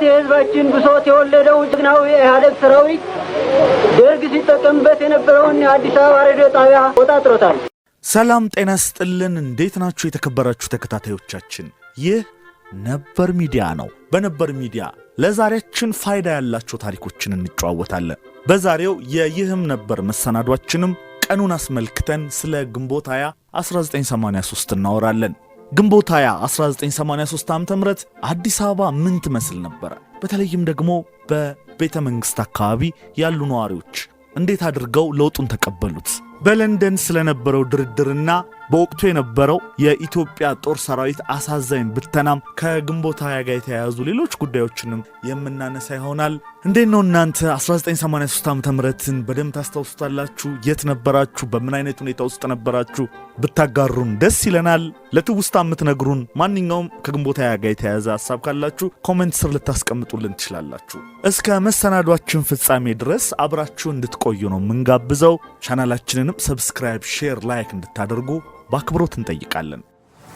ብዛት የህዝባችን ብሶት የወለደው ጀግናው የኢህአዴግ ሰራዊት ደርግ ሲጠቀምበት የነበረውን የአዲስ አበባ ሬዲዮ ጣቢያ ቆጣጥሮታል። ሰላም ጤና ስጥልን። እንዴት ናችሁ የተከበራችሁ ተከታታዮቻችን? ይህ ነበር ሚዲያ ነው። በነበር ሚዲያ ለዛሬያችን ፋይዳ ያላቸው ታሪኮችን እንጨዋወታለን። በዛሬው የይህም ነበር መሰናዷችንም ቀኑን አስመልክተን ስለ ግንቦት 1983 እናወራለን። ግንቦት 20 1983 ዓ.ም አዲስ አበባ ምን ትመስል ነበረ? በተለይም ደግሞ በቤተ መንግሥት አካባቢ ያሉ ነዋሪዎች እንዴት አድርገው ለውጡን ተቀበሉት? በለንደን ስለነበረው ድርድርና በወቅቱ የነበረው የኢትዮጵያ ጦር ሰራዊት አሳዛኝ ብተናም ከግንቦት ሃያ ጋር የተያያዙ ሌሎች ጉዳዮችንም የምናነሳ ይሆናል። እንዴት ነው እናንተ 1983 ዓ ምትን በደንብ ታስታውሱታላችሁ? የት ነበራችሁ? በምን አይነት ሁኔታ ውስጥ ነበራችሁ? ብታጋሩን ደስ ይለናል። ለትውስታ የምትነግሩን ማንኛውም ከግንቦት ሃያ ጋር የተያያዘ ሀሳብ ካላችሁ ኮመንት ስር ልታስቀምጡልን ትችላላችሁ። እስከ መሰናዷችን ፍጻሜ ድረስ አብራችሁ እንድትቆዩ ነው የምንጋብዘው። ቻናላችንንም ሰብስክራይብ፣ ሼር፣ ላይክ እንድታደርጉ በአክብሮት እንጠይቃለን።